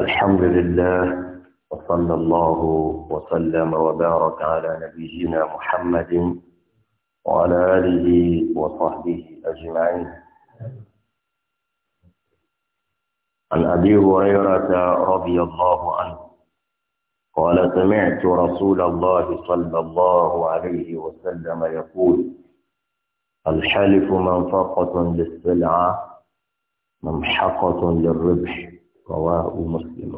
الحمد لله وصلى الله وسلم وبارك على نبينا محمد وعلى آله وصحبه أجمعين عن أبي هريرة رضي الله عنه قال سمعت رسول الله صلى الله عليه وسلم يقول الحلف منفقة للسلعة ممحقة للربح rawahu Muslim.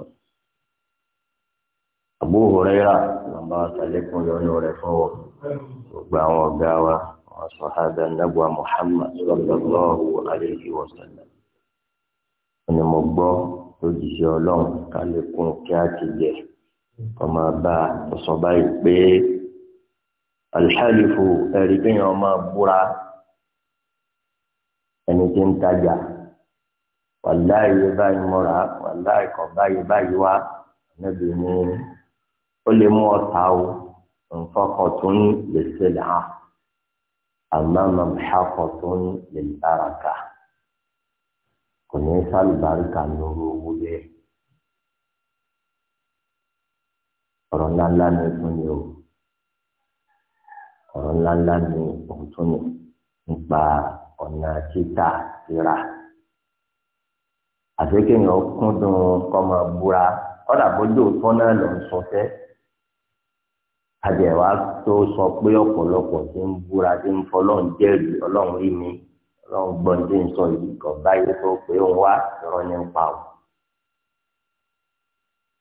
Abu Huraira nàbà sàlékún yọnu rẹ̀ fún wọn gbogbo àwọn ọ̀gá wa àwọn sọ̀hádà nàbà Muhammad sallallahu alayhi wa sallam. ẹni mo gbọ́ lójijì ọlọ́run ká lè kún kí á ọmọ bá sọ báyìí pé alihalifu ẹ̀rí kéèyàn máa búra ẹni tí ń tajà wàláyé báyìí mọ́ra wàláyé kọ̀ báyìí báyìí wá níbi ní ó lè mú ọ̀tá o nǹkan kan tó ń lè ṣẹlẹ̀ á àmọ́ màmá kan tó ń lè dára ká kò ní sálùbáríkà lóru owó bẹ́ẹ̀. ọ̀rọ̀ ńláńlá ni fún mi o ọ̀rọ̀ ńláńlá ni òun tún ni nípa ọ̀nà títà síra àti kéèyàn kúndùn kọ́mọ búra kọ́dà bójú tó náà lọ sọ fẹ́ àjẹwà tó sọ pé ọ̀pọ̀lọpọ̀ ti ń búra ti ń fọlọ́run jẹ́rìí ọlọ́run rí mi ọlọ́run gbọ́n tí ń sọ yìí kọ̀ báyìí tó pé òun wá irọ́ ní ń pa ò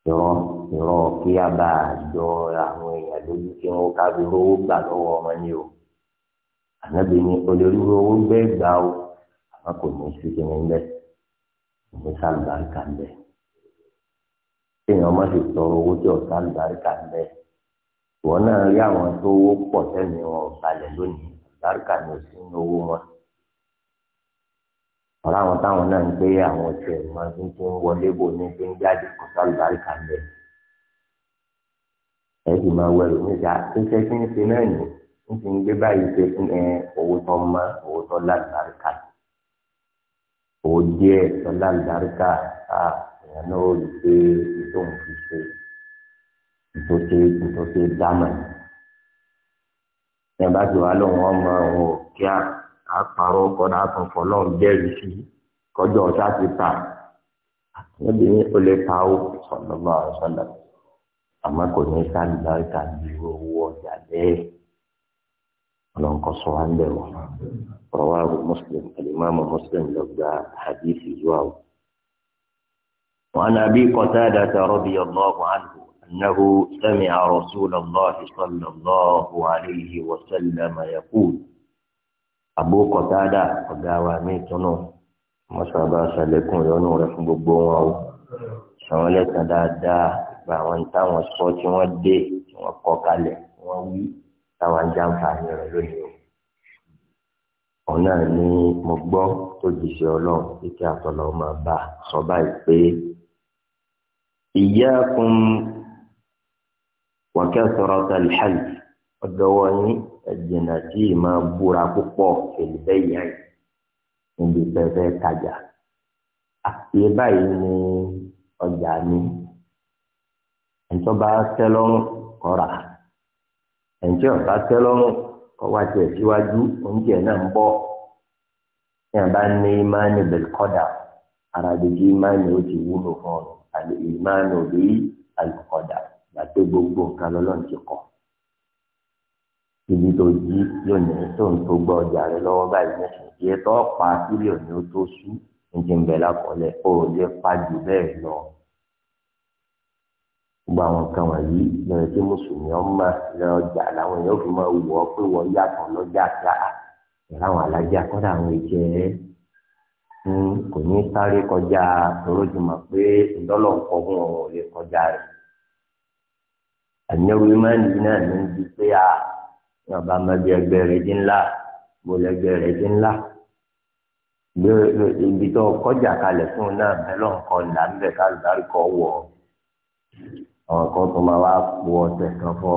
irọ́ irọ́ kí a bá jọ àwọn èèyàn lójú kí wọ́n kábi rówó gbà lọ́wọ́ ọmọ ní o ànábì ni olórí owó gbẹ́ gbà o àmọ́ kò ní í sí kí ni bẹ́ẹ̀ ní sàlùbáríkà bẹ èèyàn má sì tọrọ owó tí ọ̀sán àlùbáríkà bẹ ìwọ náà rí àwọn tó owó pọ̀ sẹ́mi wọn balẹ̀ lónìí àlùbáríkà ni ò sí ní owó wọn ọ̀rọ̀ àwọn táwọn náà ń gbé àwọn ọ̀sẹ̀ máa ń tí ń wọlé bò ní tí ń jáde kò sàlùbáríkà bẹ ẹ sì máa wẹ̀rù níta iṣẹ́ tí ń ṣe náà nì ń ti gbé báyìí ṣe fún ẹ owó tó máa owó tó lálùbáríkà ni owó díẹ̀ lọ́lá ìdáríkà à èèyàn náà ó rí i pé ìtòun fi ṣe ìtòṣe ìtòṣe dámà ní. ìyẹn bá ti wá lóun ọmọ òun ò kí à á parọ́ kọ́dà kan fọlọ́ bẹ́ẹ̀rì sí kọjọ́ ọ̀sá ti ta níbi ní o lè ta ó sọ̀lọ́ bá ọ̀sán lọ àmọ́ kò ní ká ìdáríkà ju owó ọjà bẹ́ẹ̀ ọlọ́nkọ́ sọ wá ń bẹ̀ wọ́n rọwáàrú muslim alimami muslim ló gba hadithi zuwa o. وعن أبي قتادة رضي الله عنه أنه سمع رسول الله صلى الله عليه وسلم يقول أبو قتادة قداوى ميتنو mọ́sábà ṣàlékún ìyọnu rẹ̀ fún gbogbo wọn o sọ̀rọ̀ lẹ́sàn dáadáa gba àwọn táwọn sọ tí wọ́n dé tí wọ́n kọ́ kalẹ̀ wọ́n wí táwa ń jàǹfààní rẹ̀ lónìí o. ọ̀nà ni mo gbọ́ tó jíṣẹ́ ọlọ́run kíkẹ́ àtọ̀lọ́ máa bá a sọ báyìí pé ìyá kun wàkẹ́ sọ̀rọ̀ tàlí hàlì ọ̀dọ́wọ́ yín ẹ̀jìnà tí máa búra púpọ̀ èlé bẹ́ẹ̀ yá yìí níbi pẹpẹ tajà àti báyìí ni ọjà mi ẹ̀ńtọ́ bá tẹ́ lọ́rùn kọ́ra ẹ̀ǹtí ọ̀tá tẹ́ lọ́rùn kọ́wá tiẹ̀ síwájú oúnjẹ náà ń bọ̀ ní àbá ní imáni bẹ̀lkọ́dà arabeji imáni ó ti wúlò fún ọ àlè imáni òbí alùkọ́dà gbàgbé gbogbo nǹkan lọ́lọ́run ti kọ́ ibi tó jí lónìí tó ń tó gbọ́ ọjà rẹ lọ́wọ́ báyìí mẹ́sàn-án ìyẹn tó pa sílẹ̀ tó sú ní ti ń bẹ̀ lákọ̀ọ́lẹ̀ ó lè pa jù bẹ́ẹ̀ lọ gbogbo àwọn nǹkan wọ̀nyí lọ́yẹ̀ tí mùsùlùmí ọmọ lọ́jà làwọn èèyàn fi máa wọ̀ ọ́ pé wọ́n yàtọ̀ lọ́jà ká láwọn alájà kọ́dà àwọn ìjẹ́ kò ní sáré kọjá torójúmọ̀ pé ìdọ́lọ̀ ń kọ́ fún ọ̀rọ̀ lè kọjá rẹ̀. àníwò ìmáàlì náà ló ń di pé a ní ọba mẹbi ẹgbẹ́ rẹ̀ dín ńlá mo lẹgbẹ́ rẹ̀ dín ńlá. ibi tó kọjá kalẹ̀ fún un náà bẹ́ẹ̀ lọ́nkọ́ ńlá ń bẹ̀ ká lùdárí kọ́ wọ̀ ọ́ àwọn kan tó máa wá po ọ̀sẹ̀ kan fọ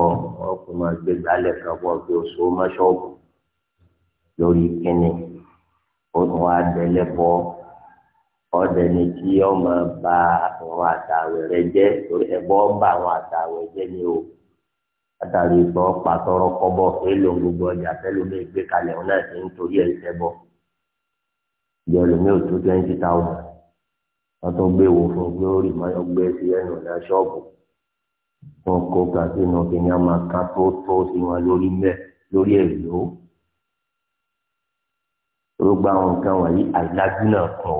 ọkùnrin máa gbé gbálẹ̀ kan fọ kí o so mọ́ṣọ́ọ̀bù lórí kínní ó tún wá dẹ́lẹ̀ bọ́ ọ̀dẹ̀ ni kí ọmọ bá àwọn àtàwẹ̀ rẹ jẹ́ torí ẹ̀bọ́ bá àwọn àtàwẹ̀ jẹ́ ni o látàrí ìgbọ́ pàtọ́rọ́ kọ́bọ̀ èlò gbogbo ọjà tẹ́lómi gbé kalẹ̀ ọ̀hún náà ti ń torí ẹ̀ sẹ́bọ̀ ìjọ lómi ò tó twenty thousand wọ́n tún gbé wò fún gbé orí mọ́yọ́ gbé sí ẹnu ọ̀nà ṣọ́ọ̀bù wọn kó kàtínú kìíní àmà ká tó tó sí wọn lórí mẹ lórí èlò gbogbo àwọn nǹkan wọ̀nyí àìlájú náà kàn ó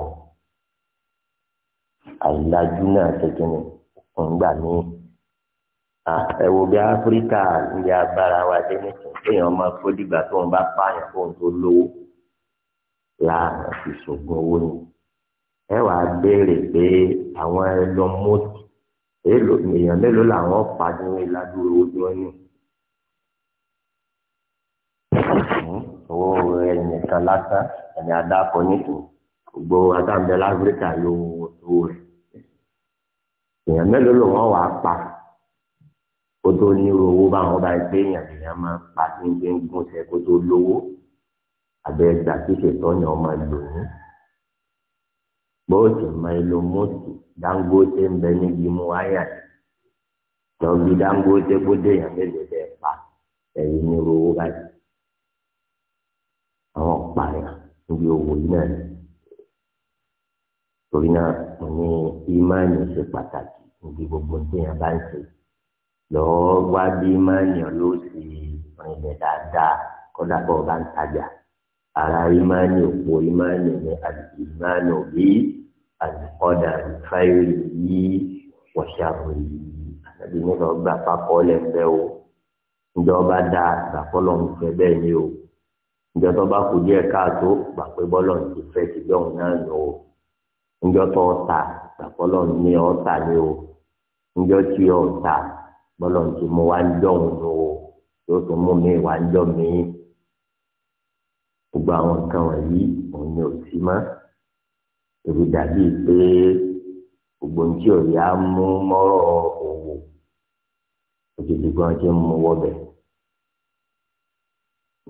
àìlájú náà kékeré ńgbà míì ẹ wo bí áfíríkà ní agbára wa dé nìkan kéèyàn máa kó dìgbà tó ń bá pààyàn fóun tó lówó láàrín ìṣògùn owó ni ẹ wàá béèrè pé àwọn ẹlọmọtì èèlò èèyàn mélòó làwọn ni ní ìlàdúró owó tí wọ́n ni. Hmm, owó ẹ̀yìn kan lásán ẹ̀yìn adáko nìkan gbogbo adáǹbẹ̀ láfíríkà yóò wọ owó rẹ̀. èèyàn mélòó ló wọ́n wàá pa kó tó ní owó báwọn bá gbé èèyàn èèyàn máa pa ní gbẹ̀ngùn tẹ kó tó lówó àbẹ̀ tí ṣètọ́ yẹn ọmọ ìlú ní bóòtù mẹlòmóòtù Dangote ń bẹ níbi mú wáyà tọ́bi Dangote kó déyàn mélòó dẹ̀ pa ẹ̀yìn ní owó báyìí àwọn pààyàn níbi owó yìí náà torí náà mo ní ìmáàní ṣe pàtàkì níbi gbogbo déyàn bá ń ṣe lọ́ọ́ wá bí ìmáàní ọlọ́ọ̀sì rìn lẹ̀ dáadáa kódà bọ́ọ̀ bá ń tajà ara imani òpó imani ní àlìmánì òbí àlìkọ́dà ìfáìrì yìí wọ̀ṣàbù yìí àtàbí nígbà ọgbà pápọ̀ lẹ́fẹ̀ o ǹjẹ́ ọba dá àgbàkọ́lọ̀ ń fẹ́ bẹ́ẹ̀ ni o ǹjẹ́ tó bá kù díẹ̀ káàtó gbà pé bọ́lọ̀ ti fẹ́ ti dọ̀hún náà nù o ǹjẹ́ tó ọ̀tà àgbàkọ́lọ̀ ní ọ̀tà ni o ǹjẹ́ tí ọ̀tà bọ́lọ̀ ti mú wá ń dọ̀hún nù o yóò tún mú mi wá ń dọ̀ mí gbogbo àwọn nǹkan wọ̀nyí òun ni ò sí mọ́ èrò dàbí pé gbogbo ní tí òye á mú mọ́rọ̀ òwò òjijì gan ti mú wọ́bẹ̀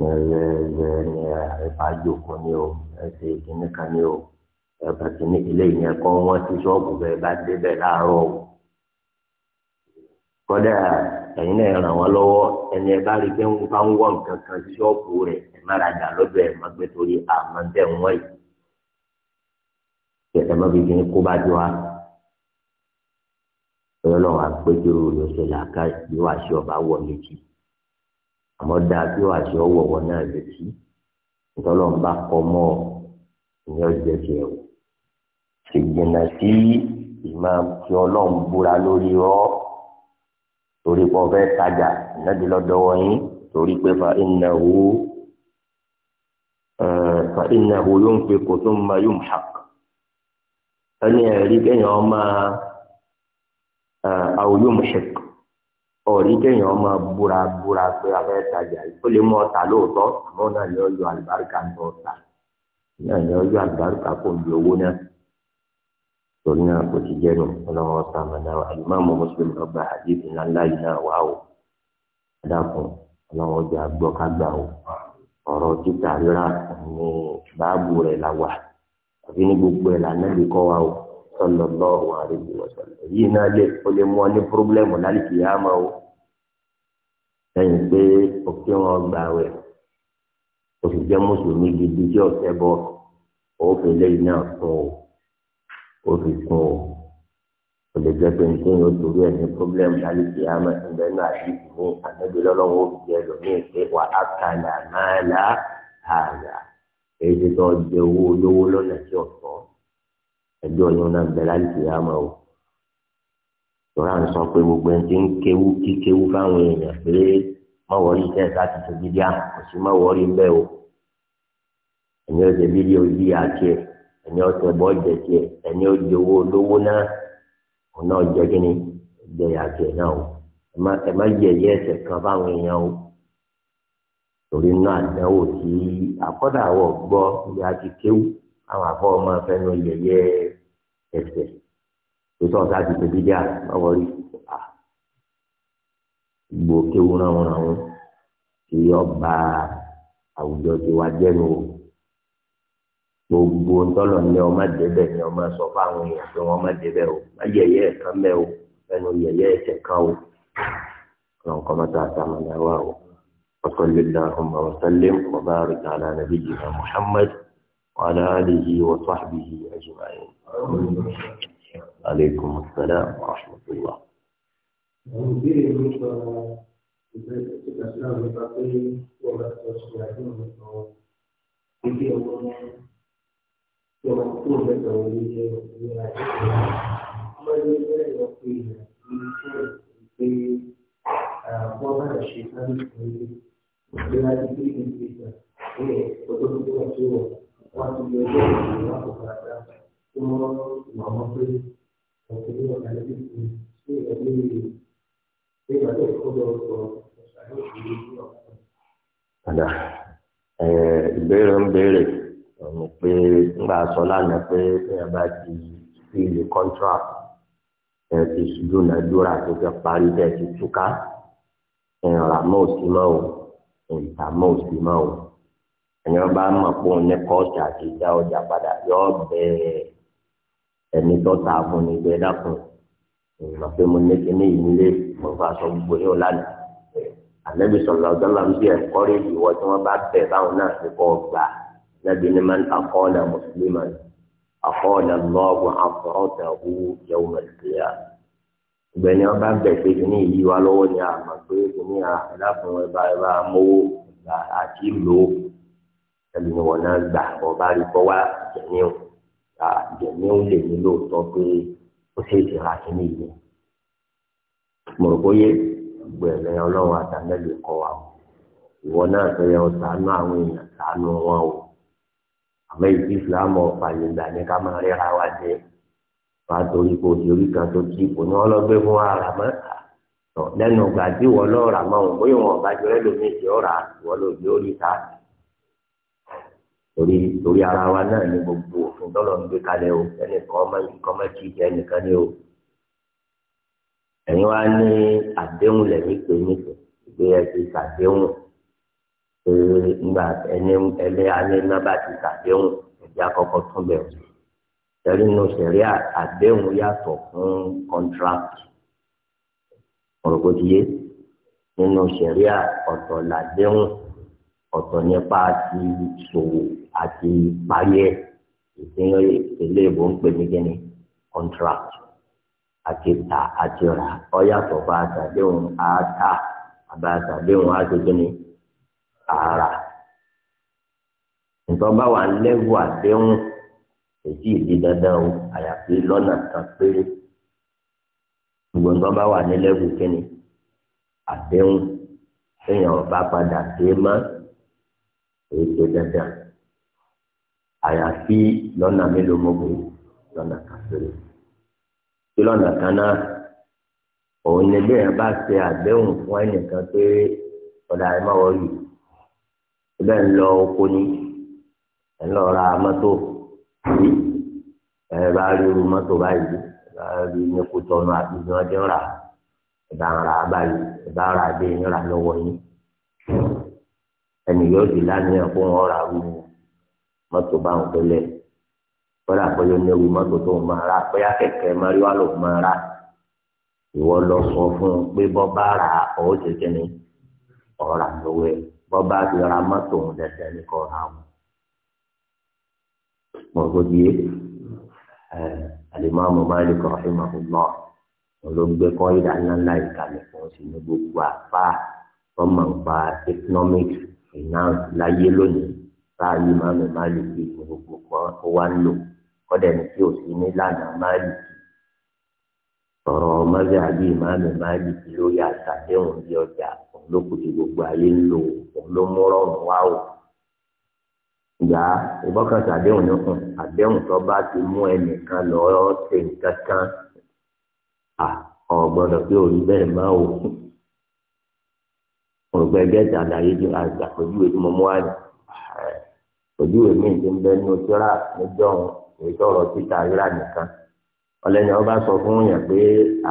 ẹ̀rẹ̀ ẹ̀rẹ̀ ẹ̀bá jòkó ni o ẹ̀sẹ̀ ìkíní kan ni o ẹ̀bá kìíní eléyìí ni ẹ̀kọ́ wọn ti ṣọ́ọ̀bù bẹ́ẹ̀ bá débẹ̀ láàárọ̀ o kọ́dà ẹ̀yin náà ràn wọ́n lọ́wọ́ ẹni ẹ bá rí pé ń bá ń wọ̀ nǹkan kan sí ṣọ́ọ̀bù rẹ̀ ẹ má ra dà lọ́dọ̀ ẹ̀ má gbé torí àmọ́ ń tẹ̀ wọ́n yìí. ẹ má fi dín kó bá jọ wa ọlọ́run àpéjúrò ló ṣe làákà bí wàá ṣe ọba wọ̀ létí àmọ́ dáa bí wàá ṣe ọwọ́wọ́ náà létí ìtọ́lọ́run bá kọ́ mọ́ ìyẹn ọjọ́ ṣègbìnà sí ìmọ̀ tí ọlọ́run búra lórí rọ́ọ̀ torí pé ọfẹ tajà ìnádi lọdọwọ yín torí pé fa innahu fa innahu yunfiqu thumma yumhaq ẹni ẹrí kéèyàn ọmọ aw yumhaq ọrí kéèyàn ọmọ búra búra pé afẹ tajà ó lè mú ọta lóòótọ́ àmọ́ náà ni ó àlùbáríkà ń tọ ọta náà ni ó àlùbáríkà kò ju owó náà torí náà kò ti jẹ́ nù ọlọ́wọ́ sàmàdà wa ìmáàmù mùsùlùmí ọba àdìsí ńláńlá yìí náà wà o dákun ọlọ́wọ́ jẹ́ àgbọ̀ kágbà o ọ̀rọ̀ títà rírà ní báàbù rẹ̀ là wà àfi ní gbogbo ẹ̀ lànà lè kọ́ wa o sọlọ lọ́wọ́ àríwí wọ̀sọ̀lọ̀ yìí náà lè o lè mú ọ ní pírọ́blẹ́mù lálẹ́ kìí á mọ́ lẹ́yìn pé òkè wọn gbà wẹ̀ o mùsùlùmí gidi tí ọ̀sẹ̀ ó fi kún o kò lè jẹ́ pé nítorí o torí ẹ̀ ní problem láti fi àmọ́ ẹgbẹ́ náà yí ní ànábi lọ́lọ́wọ́ òbí ẹ lòmíì pé wà á kàlà máa là ààlà èyí ti tọ́ jẹ owó olówó lọ́nà tí ọ̀tọ̀ ẹjọ́ yẹn náà bẹ láti fi àmọ́ o tọ́lá ń sọ pé gbogbo ẹni tí ń kéwú kí kéwú fáwọn èèyàn pé mọ̀wọ́rí iṣẹ́ ìta ti tó gidi à kò sí mọ̀wọ́rí ń bẹ́ o ẹ̀yin ọ̀sẹ̀ bíi ẹni ọ̀sẹ̀ bọ́ jẹ tiẹ̀ ẹni ọjẹ owó olówó náà òun náà jẹ kí ni jẹ àjẹ náà o ẹ má yẹ ẹyẹ ẹsẹ̀ kan báwọn èèyàn o torí náà àdánwò tí àkọ́dà àwọ̀ gbọ́ ní akikéwù àwọn àfọ ọmọ afẹnú yẹyẹ ẹsẹ̀ tó sọ̀tà àti tẹ̀bí díà lọ́wọ́ rí gbòókéwù náà wọn àwọn tí ọba àwùjọ ti wá jẹ́nu o. gbogbo ntọ́lọ̀ ní ọmọ débẹ̀ ní ọmọ sọ fáwọn èèyàn pé wọ́n má débẹ̀ o má yẹyẹ ẹ̀kan bẹ́ẹ̀ o ẹnu yẹyẹ ẹ̀sẹ̀ kan o ọlọ́run kọ́ sàmà ní àwa o وصل اللهم وسلم وبارك على نبينا محمد وعلى آله وصحبه أجمعين عليكم السلام ورحمة الله Thank you. يوقفون الأولية ومن يقيم في وضع الشيطان بلا تكليف الفتنة وتدخل سورة وأن يجوز الله تعالى ثم ومصر وكلمة على الإسلام في أبيه بما يأخذ Ada. Eh, ìbéèrè ń béèrè ọ̀nà pé nígbà sọ lánàá pé ẹ bá ti fíìlì contract ẹ ti dúnadúrà tó fẹ́ parí bẹ́ẹ̀ ti túká ìrànlá mọ́ òsì mọ́ o ìta mọ́ òsì mọ́ o ẹni wọn bá mọ̀ pé òun ní kọ́ọ̀tù àti ìjà ọjà padà yọ bẹ ẹni tó ta fún ni bẹ́ẹ̀ dákun ìrìnà pé mo ní kíní ìnílé mo fà sọ gbogbo yóò lánàá àlẹ́bí sọ̀rọ̀ ọ̀dọ́ làwọn bí ẹ̀kọ́ rẹ̀ ìwọ tí wọ́n bá bẹ̀ báwọn náà ti kọ́ gbà nàbí ni man akọ́lá mùsùlùmán akọ́lá lọ́ọ̀bù afọ́rọ́tàwù yẹwò mẹ́tìlẹ́yà. ìgbẹ́ni ọba bẹ̀sẹ̀ kìíní yìí wá lọ́wọ́ ni a mọ̀ pé kìíní a láfún ẹ bá ẹ bá mówó àti lò ó ẹbí ni wọn náà gbà ọba rí kọ́ wá jẹ̀míù jẹ̀míù lè ní lóòótọ́ pé ó ṣe ìṣẹ̀lá kìíní yìí. mo rò gbẹ̀rẹ̀ ọlọ́run àtàlẹ́ lè kọ́ wa ìwọ náà fẹ́ yọ sànú àwọn èèyàn sànú wọn o àmọ́ ìdí ìsìlámù ọ̀fà lè gbà ní ká máa ríra wa jẹ wàá torí kò di orí kan tó kí kò ní ọlọ́gbẹ́ fún ara mọ́ tọ̀ lẹ́nu ìgbà tí wọ́n lọ rà mọ́ òun bóyá wọn bá jọrẹ́ lómi ìṣe ọ̀rà wọ́n lò dé orí ta torí torí ara wa náà ni gbogbo òfin tọ́lọ̀ ń gbé kalẹ̀ o ẹnìkan ọmọ kìí jẹ ẹnìkan ni o ẹ̀yin wa ní àdéhùn lẹ́yìn pé nífẹ̀ẹ́ ìgbéyàwó ti ṣàdéhùn pé ńgbà ẹni ẹni alẹ́ náà bá ti ṣàdéhùn ẹ̀jẹ̀ àkọ́kọ́ tún bẹ̀ wò sẹ́rí nù sẹ́rí àdéhùn yàtọ̀ fún kọ́ńtrákì ọ̀rọ̀gbọ́dìyẹ nínú sẹ́rí ọ̀tọ̀ làdéhùn ọ̀tọ̀ nípa ti ṣòwò àti parí ẹ̀ ìpínlẹ̀ ìpínlẹ̀ èbó ń pè ní kíni contract àti ta àti rà ọ̀yàtọ̀ bá àtàdéhùn àátà àbá àtàdéhùn àti kíni ara nítorí bá wà lẹ́wù àdéhùn èyí ìdí dandan o àyàfi lọ́nà kan péré gbogbo nítorí bá wà ní lẹ́wù kínní àdéhùn èèyàn ọba padà dé mọ́ èyí tó dandan àyàfi lọ́nà mélòó mọ́gbó lọ́nà kan péré tí lọ́nà kan náà òun ni bẹ́ẹ̀ bá ṣe àdéhùn fún ẹnìkan pé ọ̀dà ẹ̀ máa wọ̀ yìí ibẹ̀ ń lọ oko ní ẹ̀ ń lọ ra mọ́tò yìí ẹ̀ bá rí irú mọ́tò báyìí ẹ̀ bá rí ní kutọ́nu àti ní ọdún rà ẹ̀ bá ń ra báyìí ẹ̀ bá ra dé ń ra lọ́wọ́ yìí ẹnì yóò di lánàá kó wọn ra irú mọ́tò bá ń pẹ́lẹ́ kọ́dà pẹ́lẹ́ ní irú mọ́tò tó ń máa ra bóyá kẹ̀kẹ́ mẹ́rìwá ló máa ra ìwọ lọ sọ fún un pé bọ́ bá ra ọ̀ bọ́ba ti ra mọ́tò ń dẹ̀dẹ̀ ní kọ́ ra wọn. mọ̀gòdìyẹ alimami Malik rahimahullah wọn ló gbé kọ́ ìdá ńláńlá ìkàlẹ̀ fún sí ní gbogbo àpá wọn máa ń pa economic finance láyé lónìí bá alimami Malik ní gbogbo kan ó wá ń lò kọ́dẹ̀ ní kí o sí ní lánàá Malik sọ̀rọ̀ mọ́gàdì ìmáàmì Malik lórí àtàdéhùn bí ọjà lókùtì gbogbo ayé ń lò òun ló mú rọrùn wá o ìgbà ìbọ́kàtà àdéhùn nìkan àdéhùn tó bá ti mú ẹnìkan lọ ṣe nǹkan kan ọ gbọ́dọ̀ pé òun bẹ́ẹ̀ máa o òrùka ẹgbẹ́ ìtàláyé ti àgbàpọ̀júwe tí mo mú wáyé pọ̀júwe mi ti ń bẹ́ẹ̀ ní oṣù rà níjọ́ òun èyí tọrọ títà rírà nìkan ọlẹ́ni ọba sọ fún yàn pé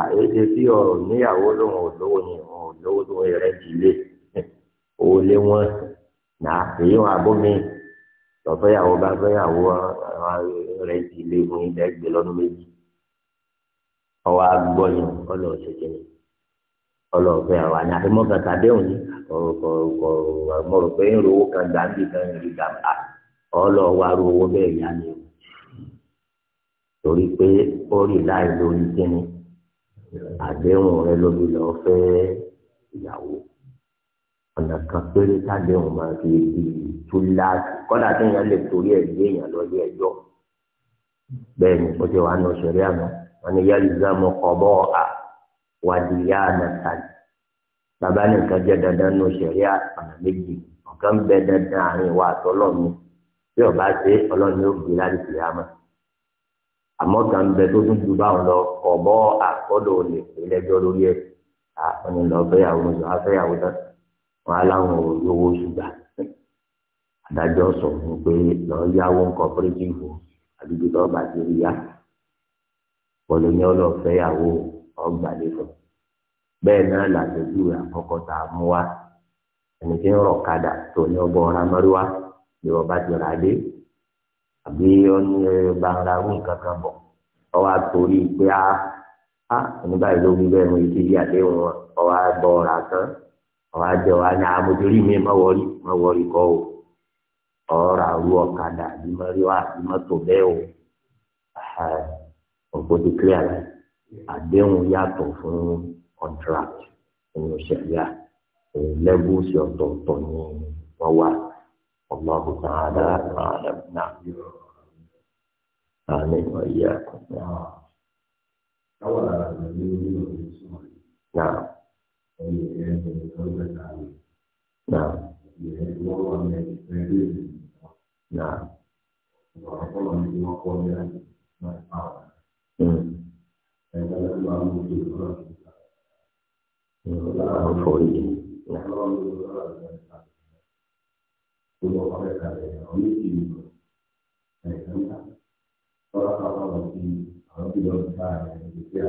àìsè sí ọ̀rọ̀ níyàwó lòun ò lówó ni òun ò lówó lòun rẹ̀ ti lé òun lé wọn nà èyí wọn abómi lọ́fẹ́yàwó bá fẹ́yàwó rẹ̀ ti lé fún ilẹ̀ gbé lọ́dún méjì ọwọ́ agbọ́yìn ọlọ́ ṣẹ̀ṣẹ̀ ọlọ́ fẹ́ àwọn àná àti mọ́kàtà déhùn ní kọ̀ọ̀kọ̀ọ̀kọ̀ mọ̀rọ̀ pé ń ro owó kan gbàgbé kan rí gbàgbà ọlọ́ wa ro bẹ́ẹ̀ yá ni torí pé ó rí láì lórí kíni àdéhùn rẹ lórí lọ fẹ́ ìyàwó ọ̀nà kan péré tàdéhùn máa fi di túláàsì kọ́dà tí èèyàn lè torí ẹ̀ gbé èèyàn lọ ilé ẹjọ́ bẹ́ẹ̀ ni ó ti wà nù sẹ́rí àná wọn ni yálì zámọ kọ́bọ́ à wàdí yá ànàtàlì bàbá nìkan jẹ́ dandan nù sẹ́rí àná méjì ọ̀kan bẹ dandan àárín wa àtọ́lọ́mi tí ọba ṣe ọlọ́ni ó gbé láti fi hàn àmọ́ kan bẹ tó tún ju báwọn lọ kọ̀ bọ́ àkọ́dọ̀ olè ìlẹ́jọ́ lórí ẹ̀ àwọn ìlọ fẹ́yàwó oṣù afẹ́yàwó tán wọn aláwọn olówó ṣùgbà adájọ́ sọ fún pé lọ́ọ́ yáwó ń kọ́pẹ́rẹ́tìfù àdúgbò lọ́ọ́ bàjẹ́ rí yá pọ̀lọ́ ní ọlọ́ọ̀fẹ́yàwó ọgbàlẹ́fọ̀ bẹ́ẹ̀ náà làtọ́jú àkọ́kọ́ tá a mú wa ẹni tí ń rọ̀ kadà tó ní ọgbọ́n ramariwa ni ọba ti rà dé àbí ọní bangarawu nǹkan kan bọ̀ ọwọ́ àtòrí pé a ah, a ah, nígbà yìí ló wí bẹ́ẹ̀ mo ti di àdéhùn wọn ọwọ́ àgbọ̀ ọ̀rà kan ọwọ́ àjẹ wa ní amójúrí ah, mi má wọrí má wọrí kọ́ o ọ̀rà ru ọ̀kadà àbí mọ́ríwá àbí mọ́tò bẹ́ẹ̀ o ọ̀pọ̀ ti clear rẹ̀ àdéhùn yàtọ̀ fún contract ìrìnsẹ̀yà levels ọ̀tọ̀ọ̀tọ̀ ni wọ́n wà. والله تعالى أعلم نعم آمين وإياكم نعم نعم نعم نعم نعم Pulau Pakai Kali, Oli Kiri, Kali Kanta, Orang Kapal Mesti, Orang Tidak Bisa, Yang Bisa,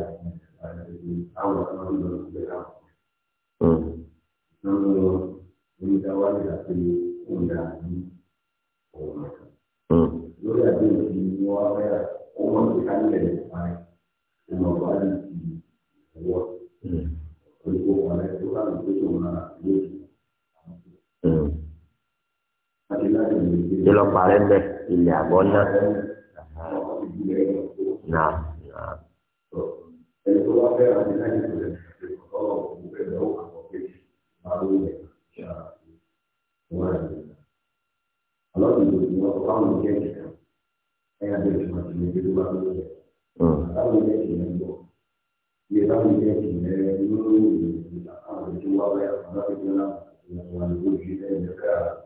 Ada di Awal Orang Tidak Bisa, Lalu Ini Kawan Dari Undang Orang Lalu Ada di Luar Merah Orang Bukan Dari Baik Orang Bali Orang Orang Orang Orang Orang Orang Orang Orang Orang kí lọ parẹ́ bẹ̀ ilẹ̀ àbọ̀ náà náà náà. Hmm. Thank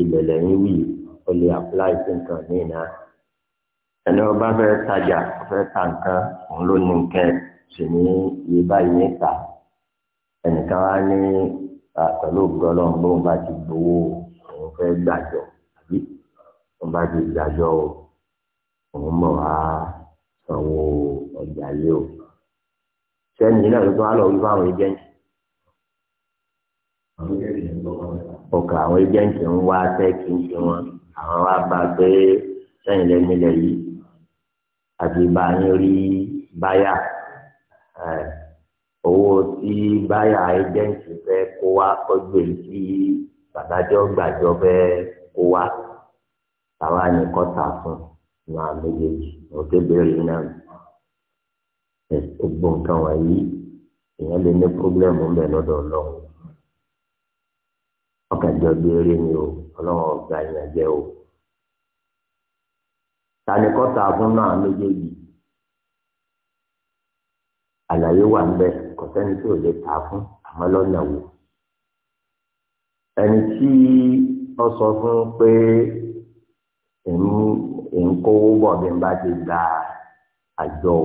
ìbẹ̀lẹ̀ ń wí o lè apply sí nǹkan míì náà ẹni wọn bá fẹ́ tajà fẹ́ ta nǹkan òun ló ní nǹkan sì ní iye báyìí níta ẹnìkan wá ní pẹ̀lú ògbọ́lọ́run bóun bá ti gbowó òun fẹ́ gbàjọ àbí òun bá ti gbàjọ òun mọ̀ wá sanwó ọjà yìí o sẹ́yìn náà ló tún wá lọ wí fáwọn ẹgbẹ́ yìí ọkàn àwọn ẹgbẹ́ǹtì ń wá sẹ́ẹ̀kì ń ṣe wọn àwọn wá bá a pé sẹ́yìn lẹ́nilẹ̀ yìí àti bá a ń rí báyà owó tí báyà ẹgbẹ́ǹtì fẹ́ kó wá kọjú èyí tí bàbájọ́ gbàjọ́ fẹ́ kó wá àwa ni kọ́ta fún ní àméjèèjì òkè béèrè náà gbogbo nǹkan wọ̀nyí ìyẹn lè ní pọ́blẹ́mù ń bẹ lọ́dọ̀ ọlọ́run. jọ bí eré ni o ọlọ́run ọ̀gá yẹn jẹ́ o tani fún náà méjèèjì àlàyé wà ń bẹ kò sẹ́ni tí ò lè ta fún àmọ́ lọ́nà wò ẹni tí ọ sọ fún pé èmi bọ̀ bí n bá ti gba àjọ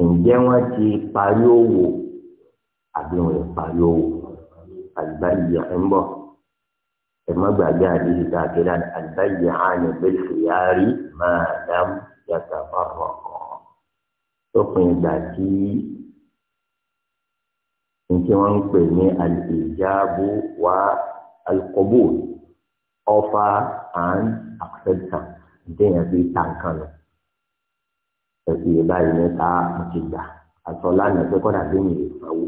o ǹjẹ́ wọ́n ti parí àbí wọ́n parí àlùbáyé ń bọ̀ ẹ má gbàgbé àdéhùn tá a kéré àlùbáyé àánú bẹ́ẹ̀ fìyàrí máa dám yàtọ̀ fáwọn kan lópin ìgbà tí nǹkan wọn ń pè ní àlùjáàbù wá alukọ́bù offer and acceptance déèyàn fi ta nǹkan lọ ẹ̀sìn yìí báyìí ní ká mo ti gbà lánàá pé kọ́dà déèyàn lè sanwó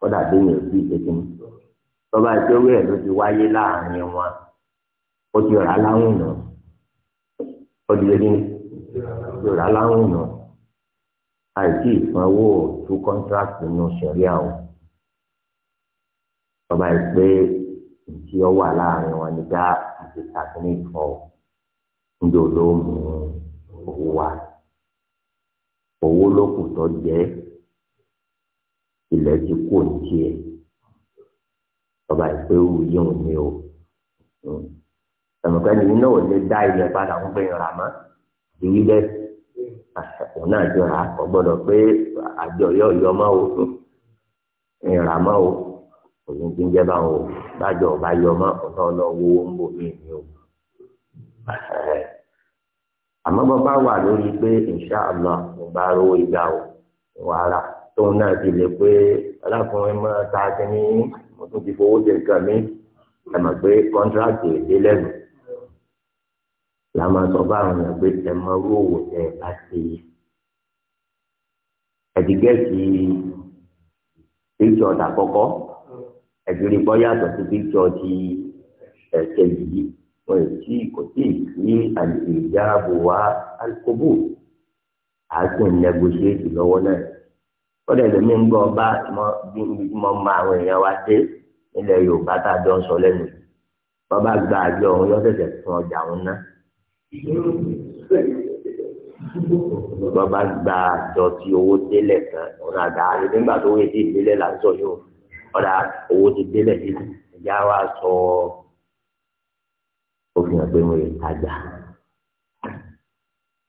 kọ́dà déèyàn fi ṣe kí tọ́ba ìjọwé ẹ̀ ló ti wáyé láàrin wọn ó ti rà láwùn nù ó ti lè ní ó ti rà láwùn nù àìsí ìsanwó tú contract nínú sẹ̀ríà o tọ́ba ìpè ìdí ọ wà láàrin wọn nígbà àti sàkínní ìfọ̀ níbi olóòmù owó wa owó ló kù tó jẹ́ ilẹ̀ tí kò ní tiẹ̀ ọba ìpè wù yíyan ni o ẹnìkan ní iná ò lè dá ilẹ̀ padà ń gbẹ̀yìn rà mọ́ ìwí bẹ́ẹ̀ òun náà jọra kò gbọ́dọ̀ pé àjọ yọ yọ mọ́ o ìrà mọ́ o òun ti ń jẹ́ báwọn o bájọ ọba yọ mọ́ ọ̀tá ọlọ́wọ́ owó ń bò mí ni o àmọ́ bàbá wà lórí pé insha Allah mo bá rówó ìgbà o wàhálà tóun náà ti lè pé alákùnrin mọ́ ta ti ní ó ti fowó ṣe nǹkan mi ẹ mọ̀ pé kọ́ńtíráàtì èdè lẹ́nu la máa sọ báwọn yẹn pé ẹ máa rú òwò tẹ ẹ bá ṣe yìí ẹ̀dígẹ́sì píkṣọ̀ dàkọ́kọ́ ẹ̀dírí bọ́ yàtọ̀ sí píkṣọ̀ ti ẹ̀kẹ́ yìí wọ́n ti kò tí ì sí àlèjáàbò wa alikóbù à á lọ́wọ́ náà wọ́n dẹ̀ lómi ń gbọ́ ọba bí mo mọ àwọn èèyàn wa dé nílẹ̀ yorùbá tá a jọ ń sọ lẹ́nu bàbá gba àjọ òun yọ ṣẹ̀ṣẹ̀ fún ọjà òun ná bàbá gba àjọ tí owó délẹ̀ kan òun àgbà àti nígbà tó wé sí ìdílé là ń sọ yóò ọ̀dà owó ti délẹ̀ sí ìyá wa sọ ó fi hàn pé mo lè tajà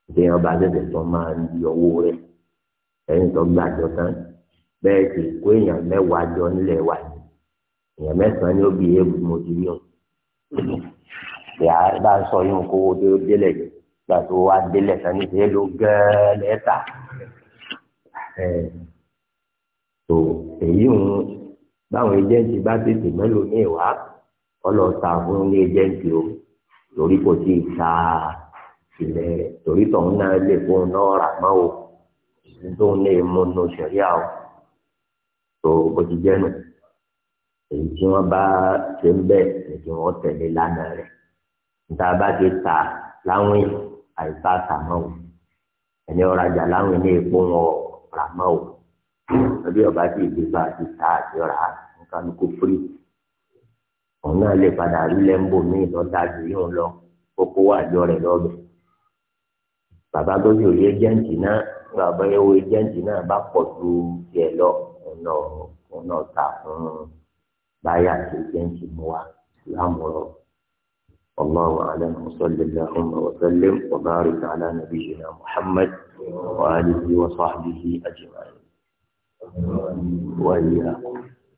ìdíyàn bá ṣẹ̀ṣẹ̀ tó máa ń di owó rẹ̀ ẹ̀yìn tó gbàjọ tán bẹ́ẹ̀ sì kó èèyàn mẹ́wàá jọ nílẹ̀ wáyé èèyàn mẹ́sàn-án ni ó bí ewu mo ti yàn ìyá bá sọ yín kówó tó délẹ̀ gbà tó wá délẹ̀ sani ṣe é ló gẹ́ẹ́ lẹ́tà tó èyí ń báwọn ẹjẹǹtì bá tètè mẹ́lòó ní ìwà ọlọ́ọ̀ta fún ilé ẹjẹǹtì o torí kò tí ì ta ilẹ̀ torí tọ̀hún náà lè fún un náà rà mọ́ o tó ń lè e mú un nù sẹ̀ríà o tó bó ti jẹ́ nù èyí tí wọ́n bá ṣe ń bẹ̀ ni kí wọ́n tẹ̀lé lánàá rẹ̀ níta bá ti ta láwìn àìsá tàmọ́ ẹni ọ̀rajà láwìn ní epo wọn ràmọ́ lórí ọba tí ìgbésà ti ta àti rà á nǹkan òun náà lè padà rí lẹ́ńbò míì lọ́dà yóò lọ kókó wà jọ rẹ̀ lọ́bẹ̀ bàbá tó yòó yé náà bàbá yòó yé náà bá pọ̀ ju tiẹ̀ lọ òun náà ta fún un. báyà tó jẹ́ ń ti mú الله أعلم وصلى اللهم وسلم وبارك على نبينا محمد وآله وصحبه أجمعين وإياكم